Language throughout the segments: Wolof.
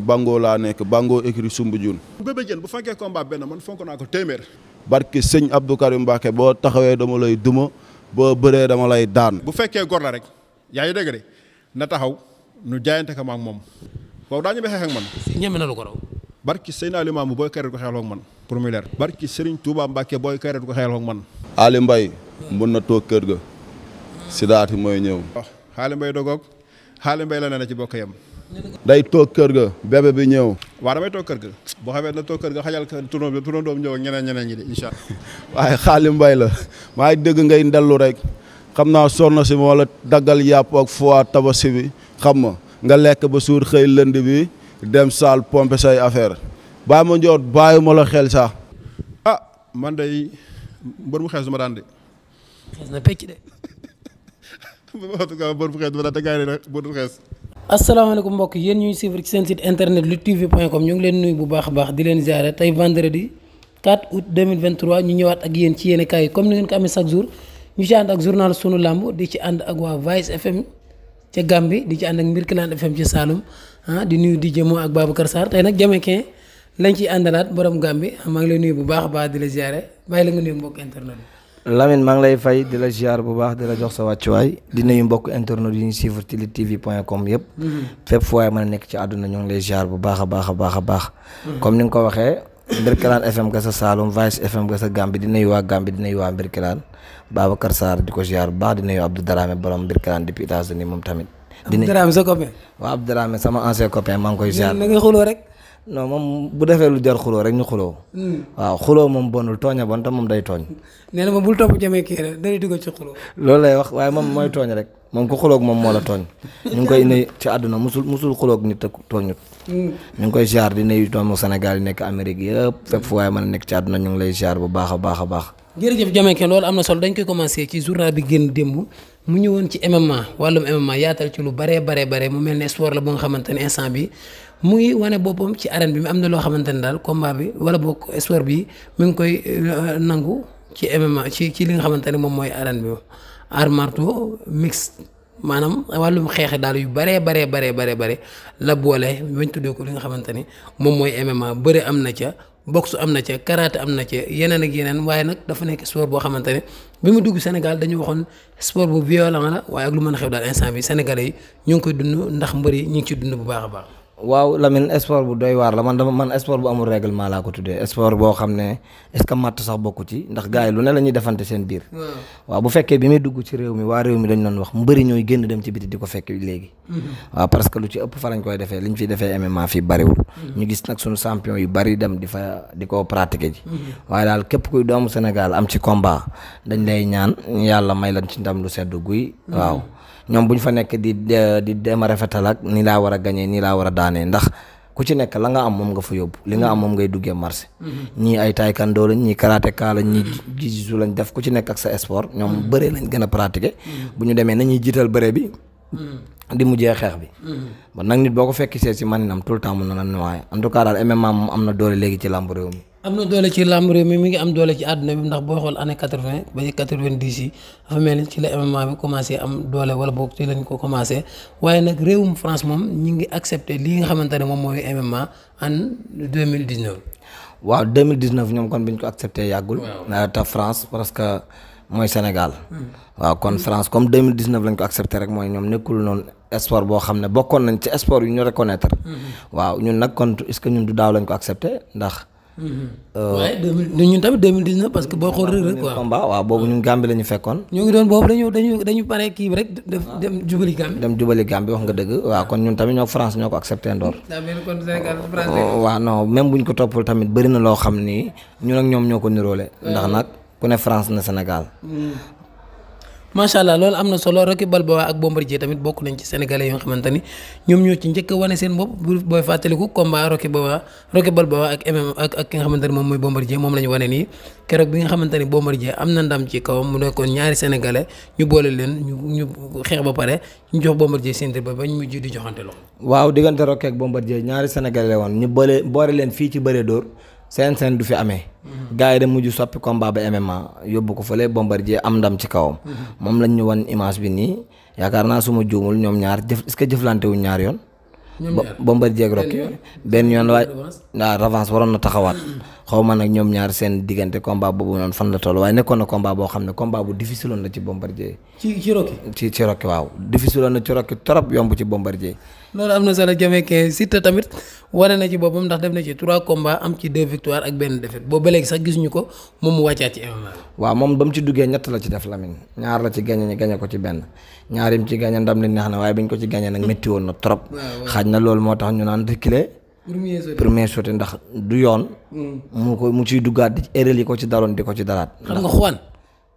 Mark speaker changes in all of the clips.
Speaker 1: bàngoo laa nekk Bango écrit Soumbédioune.
Speaker 2: Bébé Diène bu fekkee combat benn man fonk naa ko téeméer.
Speaker 1: barke sëñ Abdou Karim Mbacke boo taxawee dama lay duma boo bëree dama lay daan.
Speaker 2: bu fekkee gor rek yaa ngi dégg de na taxaw nu jaayante ko ma ak moom foofu daañu ba xeex ko raw. barki sëñ Aliou Mamou booy kayreet ko man pour muy leer. barki Serigne Touba booy kayreet ko xeexloo ak man.
Speaker 1: Ali Mbaye mën na toog kër ga. Sidaati mooy ñëw.
Speaker 2: waaw Ali Mbaye la ne na ci bokk yam
Speaker 1: day toog kër ga bébé bi ñëw.
Speaker 2: waaw damay toog kër ga boo xamee na toog kër ga xajal kër tournoi bi tournoi doom ñëw ak ñeneen ñeneen ñi de incha
Speaker 1: allah. waaye xaali mbay la maa dëgg ngay ndellu rek xam naa sonn si moo la daggal yàpp ak foie tabaski bi xam ma nga lekk ba suur xëy lënd bi dem saal pompe say affaire bàyyi ma njoot bàyyi ma la xel sax.
Speaker 2: ah ma daan de.
Speaker 3: asalaamaaleykum mbokk yéen ñuy suivre ci seen site internet lu tv com ñu ngi leen nuyu bu baax a baax di leen ziare tey vendredi 4 août ñu ñëwaat ak yéen ci yéen kaay yi comme ni ngeen ko amee chaque jour ñu ci ànd ak journal sunu làmb di ci ànd ak waa Vice FM ca Gambie di ci ànd ak Mbirkilaan FM ci Saloum ah di nuyu di jëmoo ak Babacar Sarr tey nag Jamaïcain lañ ci àndalaat borom Gambie ah, maa ngi leen nuyu bu baax a baax di la ziare bàyyi la nga nuyu
Speaker 4: Lamine maa ngi lay fay di la ziar bu baax di la jox sa wàccuwaay di nuyu mbokk internet yi ñu suivre ci luttetv.com yëpp. Mhm. fépp fu waay mën nekk ci àdduna ñoo ngi lay ziar bu baax a baax a baax a baax. Mhm. comme ni nga ko waxee. Mbirkilaan FM ga sa Saalum Vice FM ga sa Gambie di nuyu waa Gambie di nuyu waa Mbirkilaan Babacar Sarr di ko ziar bu baax di nuyu Abdou Darame borom Mbirkilaan depuis États-Unis moom tamit. di nuyu Abdou Darame sa copain. Darame sama ancien copain maa ngi koy ziar. na rek. non moom bu defee lu jar xuloo rek ñu xuloo. Hmm. waaw xuloo moom bonul tooña bon te moom day tooñ.
Speaker 3: nee na moom bul topp jamee kii rek day dugg ci xuloo.
Speaker 4: loolu lay wax waaye moom mooy tooñ rek moom ku xuloog moom moo la tooñ. ñu ngi koy nuyu ci àdduna musul musul xuloog nit ak tooñut. Hmm. ñu ngi koy ziar di nuyu doomu Sénégal yi nekk Amérique yëpp fépp fu waaye mën a nekk ci àdduna ñu ngi lay ziar bu baax baax a baax.
Speaker 3: jërëjëf Jamaïcain loolu am na solo dañ koy commencé ci journal bi génn démb mu ñëwoon ci MMA wàllum MMA yaatal ci lu baree bare bare mu mel ne sport la bu nga xamante ne instant bi mu ngi wane boppam ci arène bi mi am na loo xamante ne daal combat bi wala boog sport bi mi ngi koy euh, nangu ci MMA ci ci li nga xamante ne moom mooy arène bi art martiaux mixte maanaam wàllum xeexe daal yu baree baree baree baree bare la boole bañ tuddee ko li nga xamante ni moom mooy MMA bëri am na ca boxe am na ca karaté am na ca yeneen ak yeneen waaye nag dafa nekk sport boo xamante ne bi mu dugg Sénégal dañu waxoon sport bu violent la waaye ak lu mën a xew daal instant bi Sénégalais yi ñu ngi koy dund ndax mbër yi ñu ngi ci dund bu baax a baax.
Speaker 4: waaw Lamine sport bu doy waar la man dama man sport bu amul règlement laa ko tuddee sport boo xam ne est-ce que matt sax bokku ci ndax gars yi lu ne la ñuy defante seen biir. waaw bu fekkee bi muy dugg ci réew mi waa réew mi dañ doon wax mbëri ñooy génn dem ci biti di ko fekk léegi. Mm-hmm. waaw parce que lu ci ëpp fa lañ koy defee liñ fi defee MMA mm-hmm. nag suñu champion yu bari dem di fa di ko pratiquer ji. Mm-hmm. waaye daal képp kuy doomu Sénégal am ci combat dañ lay ñaan yàlla may lañ ci ndam lu sedd guy. waaw ñoom bu ñu fa nekk di di dem a rafetal ak ni laa war a gañee nii laa war a daan waxtaanee ndax ku ci nekk la nga am moom nga fa yóbbu li nga am moom ngay duggee marché ñii ay taekwondo lañ ñii karatéka lañ ñii jiu-jitsu lañ def ku ci nekk ak sa sport ñoom bëre lañ gën a pratiquer bu ñu demee nañuy jiital bëre bi di mujjee xeex bi ba nag nit boo ko fekk see si maninam tout le temps mun na la nuwaay daal MMA moom am na doole léegi ci làmb
Speaker 3: am na doole ci làmb réew mi mi ngi am doole ci àdduna bi ndax boo xool année quatre vingt ba quatre vingt dix yi dafa mel ni ci la MMA bi commencé am doole wala boog ci lañ ko commencé ne moom mooy
Speaker 4: MMA en deux mille dix neuf. waaw deux mille kon France que mooy Sénégal. Hmm. waaw kon France comme deux mille dix mooy ñoom nekkul noonu. sport boo ne bokkoon nañ ci sport yu ñu reconnaître hmm. waaw ñun nag du daaw lañ ko accepté ndax. waaye euh, deux mille ñun tamit deux mille dix neuf parce que boo xool rek rek waaw combat boobu ñun Gambie la ñu fekkoon. ñoo ngi doon boobu dañu dañu dañu pare kii bi rek. Ah. dem jubali Gambie. dem jubali Gambie wax nga dëgg waa kon ñun tamit ñoo France ñoo ko accepté ndoor. daa mel ni oh, oh, bu ñu ko toppul tamit bëri na loo xam ni ñu ak ñoom ñoo ko niroole. ndax nag ku ne France na Sénégal.
Speaker 3: Mm. macha allah loolu am na solo Rocky Balboa ak Bombardier tamit bokk nañ ci sénégalais yoo xamante ni ñoom ñoo ci njëkk wane seen bopp bu booy fàttaliku combat Rocky Balboa Rocky Balboa ak mm ak ak ki nga xamante ni moom mooy Bombardier moom la ñu wane nii keroog bi nga xamante ni Bombardier am na ndam ci kawam mu nekkoon ñaari sénégalais ñu boole leen ñu ñu xeex ba pare ñu jox Bombardier ceinture ba bañ mujj di joxante loxo.
Speaker 4: waaw diggante Rocky ak Bombardier ñaari sénégalais woon ñu boole boole leen fii ci bëre dóor seen seen du fi amee. Mhm. gars yi da mujj soppi combat ba MMA yóbbu ko fële Bombardier am dam ci kawam. Mhm. moom lañ ñu wan image bi nii yaakaar naa suma juumul ñoom ñaar jëf est-ce que jëflante wuñ ñaar yoon. Bombardier ak benn yoon waaj waaw waroon na taxawaat mm. xaw ma nag ñoom ñaar seen diggante combat boobu noonu fan la toll waaye nekkoon na combat boo xam ne combat bu difficile woon na ci Bombardier ci ci Rocky ci ci waaw difficile na ci Rocky trop yomb ci Bombardier loolu am na solo Jamaïcain Siteu tamit
Speaker 3: wane na ci boppam ndax def na ci trois combats am ci deux victoires ak benn défaite boobu ba léegi sax gisuñu ko moom mu wàccaat ci
Speaker 4: MMA. moom ba mu ci duggee ñett la ci def Lamine ñaar la ci gagné ko ci benn ñaar yim ci gagné waaye biñ ko ci gagné nag métti woon na trop. xaj na loolu moo tax ñu naan reculer premier sauté ndax du yoon hmm. mu ko mu ciy duggaat di erreur yi ko ci daloon di ko ci dalaat xam nga xuwaan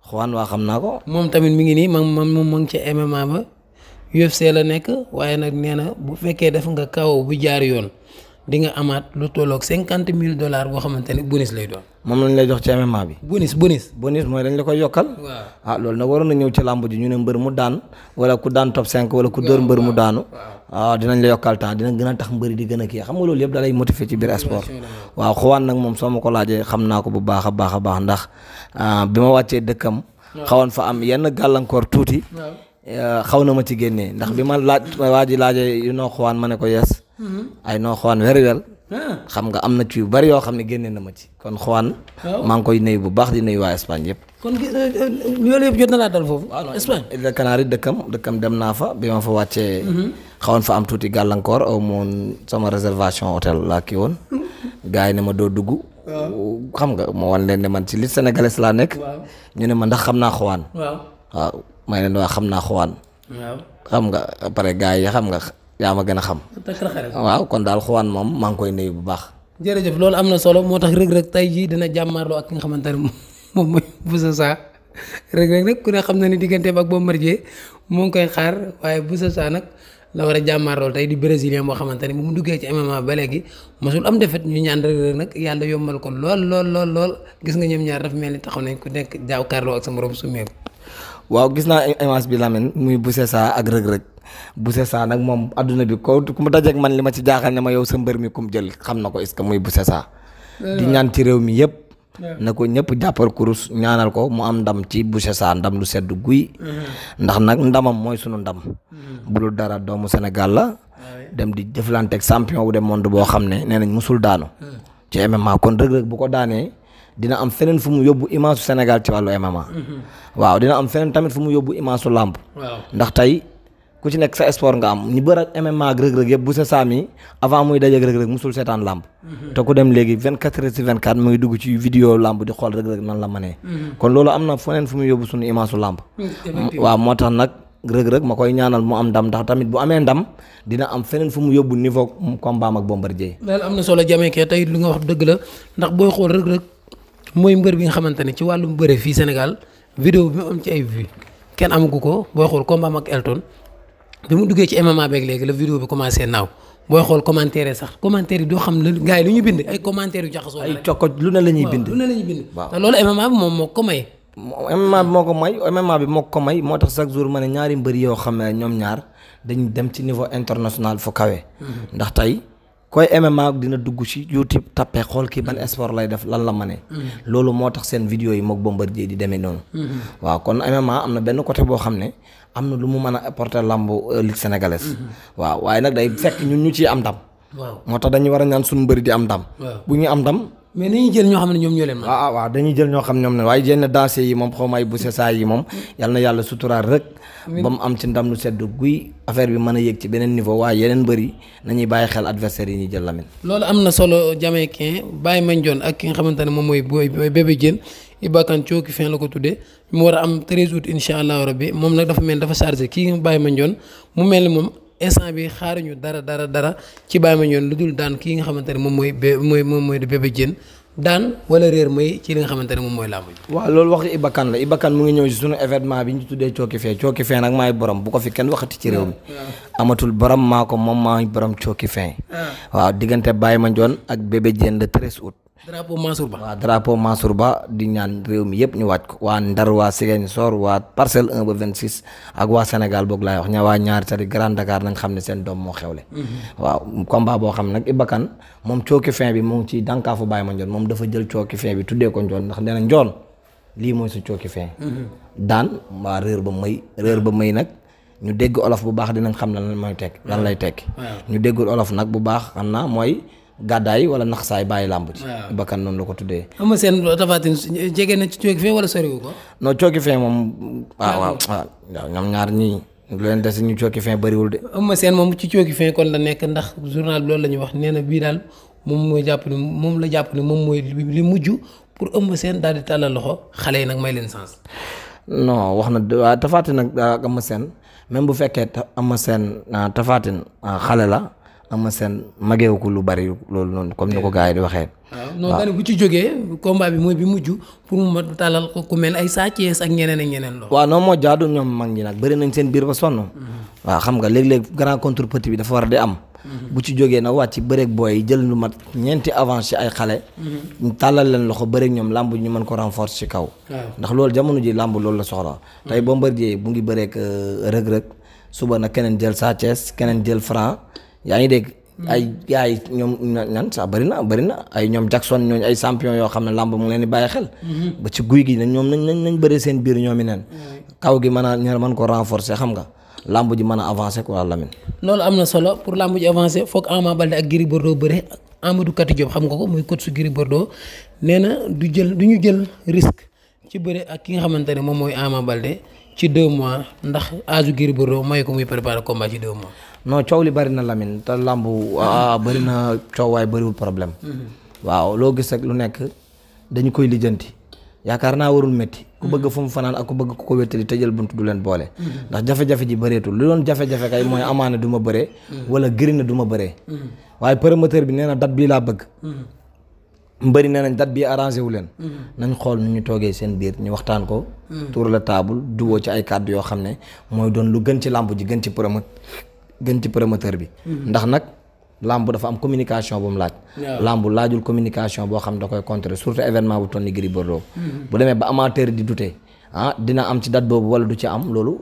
Speaker 4: xuwaan waa xam naa ko
Speaker 3: moom tamit mu ngi nii ma ma mu ma ngi ci MMA ba UFC la nekk waaye nag nee na bu fekkee def nga kaw bu jaar yoon di nga amaat lu tolloog cinquante mille dollars boo xamante ne bonus lay doon.
Speaker 4: moom lañ lay jox ci MMA bi. bonus bonus. bonus mooy dañ la koy yokkal. waaw ah loolu nag waroon na ñëw ci làmb ñu ne mbër mu daan wala ku daan top 5 wala ku dóor mbër mu daanu. waaw ah, dinañ la yokkal temps dina gën a tax mbëri di gën a kii xam nga loolu yëpp da lay motiver ci biir sport. waaw xawaan nag moom soo ma ko laajee xam naa ko bu baax a baax a baax ndax ah, bi ma wàccee dëkkam. xawoon fa am yenn gàllankoor tuuti. Eh, xaw na ma ci génnee ndax bi ma laaj waa ji laajee yu noo xawaan ma ne ko yes I know Juan very xam nga am na ci yu bari yoo xam ne génne na ma ci. kon Juan. maa ngi koy nuyu bu baax di nuyu waa Espagne yëpp.
Speaker 3: kon loolu
Speaker 4: euh, euh, yëpp jot na laa foofu ah Espagne. Îles Canaries dëkkam dëkkam dem naa fa bi ma wàccee. Mhm. xawoon fa am tuuti gàllankoor aw moon sama réservation hôtel laa kii woon. gars yi ne ma doo dugg. xam nga ma wan leen ne man ci li sénégalais laa nekk. ñu ne ma ndax xam naa Juan. waaw may leen waa xam naa Juan. xam nga après gars yi xam nga. yaa ma gën a xam. waaw kon daal xuwaan moom maa ngi koy nuyu bu baax.
Speaker 3: jërëjëf loolu am na solo moo tax Reug Reug tey jii dina jàmmaarloo ak ki nga xamante ne moom mooy Boussa Sa Reug Reug ku ne xam na ni digganteem ak Bombardier mu ngi koy xaar waaye Boussa Sa nag la war a jàmmaarloo tey di brésilien boo xamante ne bu mu duggee ci MMA ba léegi mosul am defet ñu ñaan Reug Reug nag yàlla yombal ko lool lool lool gis nga ñoom ñaar dafa mel ni taxaw nañ ku nekk jaaw karloo ak sa morom su meeku.
Speaker 4: waaw gis naa image bi Lamine muy Boussa Sa ak Reug Boucher Sa nag moom adduna bi ko ku mu man li ma ci jaaxal ne ma yow sa mbër mi kum jël xam na ko est-ce que muy Boucher Sa eh di ñaan ci réew mi yëpp eh. na ko ñëpp jàppal kurus ñaanal ko mu am ndam ci bu Sa ndam lu sedd guy eh. ndax nag ndamam mooy sunu ndam mm. bu dara doomu senegal la dem di jëflanteeg champion wu de monde boo xam ne nee nañ musul daanu ci MMA kon rëg-rëg bu ko daanee dina am feneen fu mu yóbbu image senegal ci wàllu MMA mm-hmm. waaw dina am feneen tamit fu mu yóbbu image su làmb ku ci nekk sa sport nga am ñu bëri a MMA ak rëg-rëg yëpp bu sa saam yi avant muy dajeeg rëg-rëg musul seetaan làmb mm-hmm. te ku dem léegi mu ngi dugg ci vidéo làmb di xool rëg-rëg nan la mm-hmm. kon loolu am na fu muy yóbbu suñu image su làmb mm, waaw moo tax nag ma koy ñaanal mu am ndam ndax tamit bu amee ndam dina am feneen fu mu yóbbu na
Speaker 3: solo jameekee tey li nga wax dëgg la ndax booy xool rëg-rëg mooy mbër bi nga xamante ci wàllum bëre fii Sénégal vidéo bi mu am ci ay kenn amagu ko booy xool combat ak Elton bi mu duggee ci MMA beeg léegi la vidéo bi commencé naaw booy xool commentaire sax commentaire
Speaker 4: yi doo xam la lu ñu bind ay commentaire yu jaxasoo ay cokko la ñuy bind lu ne moom moo ko may MMA bi moo ko may MMA bi moo ko may moo tax chaque jour ma ne ñaari mbër yoo xam ne ñoom ñaar dañ dem ci niveau international fu kawe mm-hmm. ndax tey koy MMA dina dugg ci YouTube tappe xool kii ban mm-hmm. sport lay def lan la ma ne mm-hmm. loolu moo tax seen vidéo yi mook Bombardier di demee noonu waaw kon MMA am na benn côté boo xam ne am na lu mu mën a apporter lamb euh, Ligue sénégalaise. waaw waaye nag day fekk ñun ñu ciy am ndam. moo tax dañuy war a ñaan suñu mbëri di am ndam. bu ñu am ndam. Ah, ah, waaye jenn danse yi moom xaw ay buse saa yi moom yal na yàlla suturaal rek. ba mu am ci ndam lu sedd guy affaire bi mën a yéeg ci beneen niveau waaye yeneen mbëri nañuy bàyyi xel adversaire yi ñuy jël Lamine.
Speaker 3: loolu am na solo Jamaïcain Baye Mandione ak ki nga moom mooy Boy Bébé Diène Ibakaan cooki fin la ko tuddee mu war a am 13 août incha allahu rabbi moom nag dafa mel dafa chargé kii Baye Mandione mu mel ni moom instant bi xaaruñu dara dara dara ci Baye Mandione lu dul daan kii nga xamante moom mooy bé moom mooy Bébé Diène daan wala réer mooy ci li nga xamante moom mooy làmb
Speaker 4: ji. waaw loolu wax Ibakaan la Ibakaan mu ngi ñëw si sunu événement bi ñu tuddee cooki fin cooki fin nag maay borom bu ko fi kenn waxati
Speaker 3: drapeau Mansour Ba waaw drapeau
Speaker 4: Ba di ñaan réew mi yëpp ñu waaj ko waa Ndar waa soor waa parcel 1 ba 26 ak waa Sénégal boog laay wax ña waa ñaari tari Grand Dakar nañ xam ne seen doom moo xewle. Mhm. waaw combat boo xam nag Iba Kane moom cooki fin bi mu ngi ci dànkaafu Baye ma njoon moom dafa jël cooki fin bi tuddee ko njoon ndax nee na njoon lii mooy sa cooki fin. Mhm. daan waa réer ba may réer ba may nag. ñu dégg olof bu baax dinañ xam lan mooy tekk lan lay tekki ñu déggul olof nag bu baax xam naa mooy gàddaay wala naxsaay bàyyi làmb ci bakkan noonu la ko tuddee
Speaker 3: ama seen tafaatin jege na ci cooki fee wala soriwu ko
Speaker 4: non cooki fee moom ah, waaw waaw ah, waaw ñoom ñaar ñii leen des ñu cooki fin bëriwul de.
Speaker 3: Eumeu Sène moom ci cooki fin kon la nekk ndax journal bi loolu la ñuy wax nee na bii daal moom mooy jàpp ni moom la jàpp ni moom mooy li mujj pour Eumeu seen daal di tàllal loxo xale yi nag may leen sens.
Speaker 4: no wax na waaw Tapha Tine nag Eumeu Sène même bu fekkee Eumeu seen ah, Tapha Tine xale la. ama seen mageewu ko lu bari loolu noonu comme ni ko gars yi di waxee. waaw non daanaka
Speaker 3: bu ci jógee combat bi mooy bi mujj pour mu mat tàllal ko ku mel ay Sa ak ñeneen ak ñeneen
Speaker 4: loolu. waaw non moo jaadu ñoom mag ñi nag bëri nañ seen biir ba sonn. Mm-hmm. waaw xam nga léeg-léeg grand contre bi dafa war di am. Mm-hmm. bu ci jógee nag wàcc bëreeg booy jël lu mat ñeenti avance ci ay xale. Mm-hmm. ñu tàllal leen loxo bëreeg ñoom làmb ñu mën ko renforcer ci kaw. ndax loolu jamono ji làmb loolu la soxla. tey Bombardier bu ngi bëreeg euh, rëg-rëg yaa ngi dégg. Mm. ay gars yi ñoom nan sax bëri na bëri na ay ñoom Jackson ñooñu ay champion yoo xam ne làmb mu leen di bàyyi xel. Mm-hmm. ba ci guy gi ñoom nañ nañ nañ bëree seen biir ñoom i neen. Mm. kaw gi mën a ñaar mën ko renforcer xam nga làmb ji mën a avancer quoi Lamine.
Speaker 3: loolu am na solo pour làmb ji avancer foog Ama Baldé ak Gris Bordeaux bëre Amadou Kati Diop xam nga ko muy coach su Gris Bordeaux nee na du jël du ñu jël risque ci bëre ak ki nga xamante ne moom mooy Ama balde ci deux mois ndax aaju Gris Bordeaux may ko muy préparer combat ci deux mois.
Speaker 4: non coow li bari na Lamine te làmb ah, ah, bari na coow waaye bariwul problème mhm. waaw loo gis rek lu nekk dañu koy lijjanti yaakaar naa warul métti ku bëgg mhm. fu mu fanaan ak ku bëgg ku ko wéttali tëjal bunt du leen boole mhm. ndax jafe-jafe ji bëreetul lu doon jafe-jafe kay mooy amaana du ma bëree wala gëri na du ma bëree waaye promoteur bi nee na date bii laa bëgg mbëri nee nañ date bii arrangé wu leen nañ xool nu ñu toogee seen biir ñu waxtaan ko tour la table duwoo ci ay kàddu yoo xam ne mooy doon lu gën ci làmb ji gën ci promote gën ci promoteur bi. Hmm. ndax nag làmb dafa am communication bu mu laaj. làmb laajul communication boo xam ne da koy contrer surtout événement bu toll ni Gris Bordeaux. Hmm. bu demee ba amateur di dute ah dina am ci date boobu wala du ci am loolu.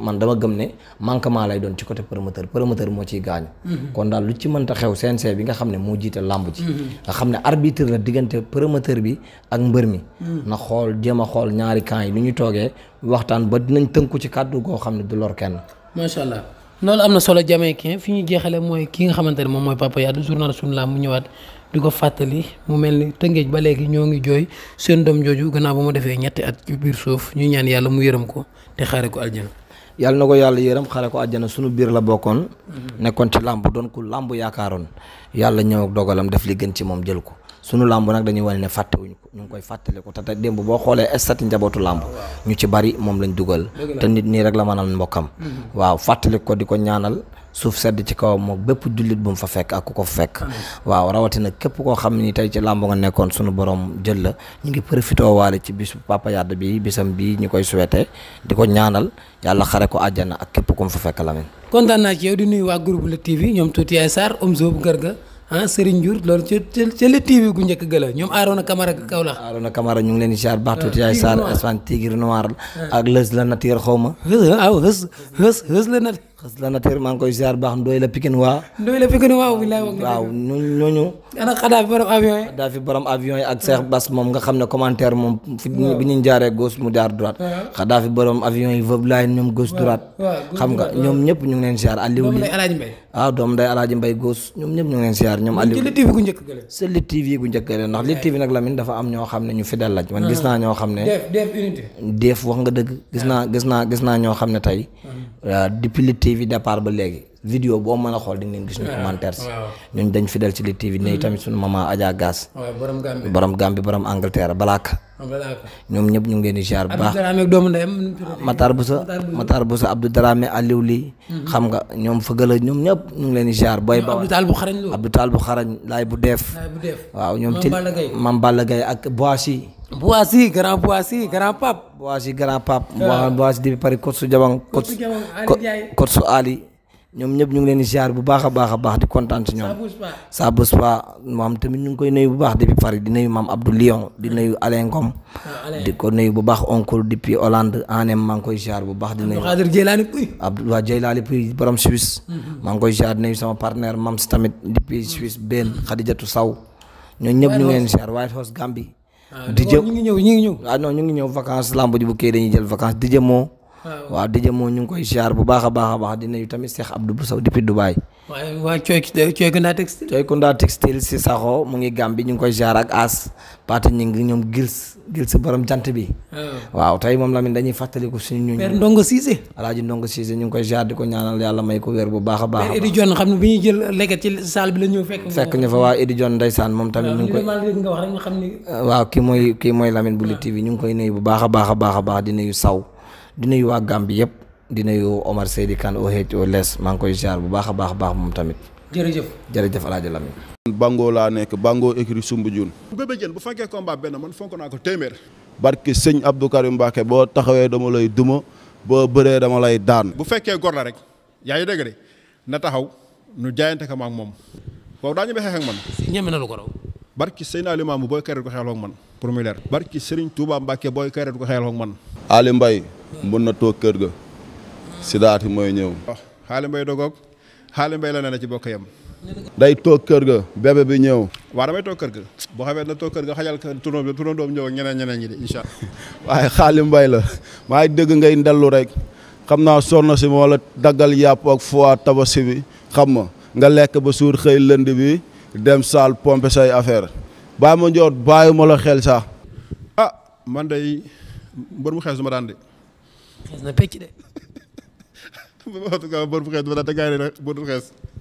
Speaker 4: man dama gëm ne manquement lay doon ci côté promoteur promoteur moo ciy gaañu. Hmm. kon daal lu ci mënta xew CNG bi nga xam ne moo jiite làmb ji. nga xam ne arbitre la diggante promoteur bi ak mbër mi. na xool jéem a xool ñaari camp yi lu ñu toogee waxtaan ba dinañ tënku ci kàddu goo xam ne du lor kenn.
Speaker 3: macha allah. loolu am na solo Jamaïcain fi ñu jeexale mooy kii nga xamante ne moom mooy Papa Yade journal suñu laa mu ñëwaat di ko fàttali mu mel ni tëngéej ba léegi ñoo ngi jooy seen doom jooju gannaaw ba mu defee ñetti at ci biir suuf ñu ñaan yàlla mu yërëm ko te
Speaker 4: xaare ko aljana yàlla na ko yàlla yërëm xaare ko àjjana sunu biir la bokkoon nekkoon ci làmb doon ku làmb yaakaaroon yàlla ñëw dogalam def li gën ci moom jël ko sunu làmb nag dañuy wane ne fàttewuñu ko ñu ngi koy fàttali ko te te démb boo xoolee stati njabootu làmb ñu ci bari moom lañ dugal te nit nii rek la mënal mbokkam mm-hmm. waaw fàttali ko di ko ñaanal suuf sedd ci kawam moom bépp jullit bu mu fa fekk ku ko fekk mm-hmm. waaw rawatina képp koo xam ni tey ci làmb nga nekkoon sunu borom jël la ñu ngi profité waale ci bisu Papa Yade bi bisam bii ñu koy souhaité di ko ñaanal yàlla xare ko àjjana ak képp ku mu fa fekk la
Speaker 3: kontaan naa ci yow di nuyu waa groupe Lutte TV ñoom tuuti yaay Sarr Omzo bu Garga ah
Speaker 4: Serigne Diour loolu ca ca la TV gu njëkk gëla ñoom Arona Camara Kaolack Arona Camara ñu ngi leen di siyaar ah, baaxtu ci ay saar Espagne tigre noir ah. ak lës la nature xaw hës hës la nature xës la na teer maa ngi koy ziar baax ndooy la Pikine waa.
Speaker 3: ndooy la Pikine waa waaw
Speaker 4: ñooñu ñooñu. fi borom avion yi. yi ak Cheikh Bass moom nga xam ne commentaire moom. fi bi ñu jaaree goos mu jaar droite. xadaa fi borom avion yi vëb laay ñoom gauche xam nga ñoom ñëpp ñu ngi leen ziar Aliou. lii waaw doom day Alaaji Mbay gauche ñoom ñëpp ñu ngi leen ñoom. Aliou ci li TV gu njëkk gële. c'est li TV gu njëkk gële ndax li TV nag Lamine dafa am ñoo xam ne ñu fidèle lañ man gis ah. naa ñoo xam ne. def wax nga dëgg gis ah. naa gis naa gis naa ñoo xam ne tey ah. TV départ ba léegi vidéo boo mën a xool di ngeen gis ñu commentaire si ñun dañ fidèle ci Lutte TV ne hmm. tamit suñu maman Adja Gass borom Gambie borom Angleterre Balaka ah, ñoom ñëpp ñu ngi leen di ziar bu baax Matar Boussa Matar Boussa Abdou Dramé Aliou Ly hmm. xam nga ñoom fëgala ñoom ñëpp ñu ngi leen booy ba Abdou Tall bu xarañ laay bu def waaw ñoom ci Mam Balla Gaye ak Boissy Boissy grand Boissy grand Pape. Boissy grand Pape. waaw Boissy depuis Paris coach su Jabang. coach Ali ñoom ñëpp ñu ngi leen di ziar bu baax a baax a baax di kontaan ci ñoom. saa bus pa maam tamit ñu ngi koy nuyu bu baax depuis Paris di nuyu maam Abdou Lion di nuyu Alain Ngom. Ah, di ko nuyu bu baax oncle depuis Hollande anem maa ngi koy ziar bu baax. di nuyu Abdou Khadir Jeylaani Puy. Abdou borom Suisse. Mm-hmm. maa ngi koy ziar di nuyu sama partenaire mam si tamit depuis Suisse benn Khadijatou Saw ñooñu ñëpp ñu ngi leen di ziar White House Gambie Ah, Dj ñu ngi ñëw ñu ngi ñëw. ah ñu ngi ñëw vacances lamb ji bu kii dañuy jël vacances Dj moo. Ah, waaw Dj moo ñu ngi koy ziar bu baax a baax a baax di nuyu tamit Cheikh Abdou Bousso depuis Dubaï. waa Coykunda textile. Coykunda textile si saxo mu ngi bi ñu ngi koy ziar ak as Pate ñu ngi ñoom Gils Gils borom jant bi. Oh. waaw tey moom la dañuy fàttaliku suñu. ñu Père Ndongo Cissé. Alaaji Ndongo ñu ngi koy ziar di ko ñaanal yàlla may ko wér bu baax a baax. Père Edi John
Speaker 3: xam ne bi ñuy jël lekket ci salle bi la ñëw
Speaker 4: fekk. fekk fa waa Edi John ndeysaan moom tamit. ñu ngi koy waaw kii mooy kii mooy Lamine Bulli ah. TV ñu ngi koy nuyu bu baax a baax a baax a baax di nuyu Saw di nuyu waa Gàmbi yëpp dina nuyu Omar Seydi
Speaker 1: Kane au les maa ngi koy ziar bu baax a baax baax moom tamit. jërëjëf jërëjëf El Hadj Lamine. Bango laa nekk Bango écrit Soumbédioune.
Speaker 2: bu bébé jën bu fekkee ko combat benn man fonk naa ko téeméer.
Speaker 1: barki sëñ Abdou Karim Mbacke boo taxawee dama lay duma boo bëree dama lay daan.
Speaker 2: bu fekkee gor la rek yaa ngi dégg de na taxaw nu jaayante ko ma ak moom kooku daa ñeme xeex ak man. na lu ko raw. barki sëñ Aliou Mamou booy kereet ko xeexloo man pour muy leer. barki Serigne Touba Mbacke booy kereet ko xeexloo man.
Speaker 1: Ali Mbaye mën na toog kër ga. Sidaati mooy ñëw. waaw oh,
Speaker 2: xaali mbay dogoog xaali mbay la ne ci bokk yam
Speaker 1: day toog kër ga bébé bi ñëw.
Speaker 2: waaw damay kër ga boo xamee na toog kër ga xajal kër turam doom ñëw ak ñeneen ñeneen ñi de incha
Speaker 1: allah. waaye xaali mbay la maa dëgg ngay ndellu rek xam naa sonn si moo la daggal yàpp ak foie tabaski bi xam ma nga lekk ba suur xëy lënd bi dem saal pompe say affaire bàyyi ma njoot bàyyi ma la xel sax.
Speaker 2: ah man day mbër mu xees ma daan de. en tout cas bonne presse bu la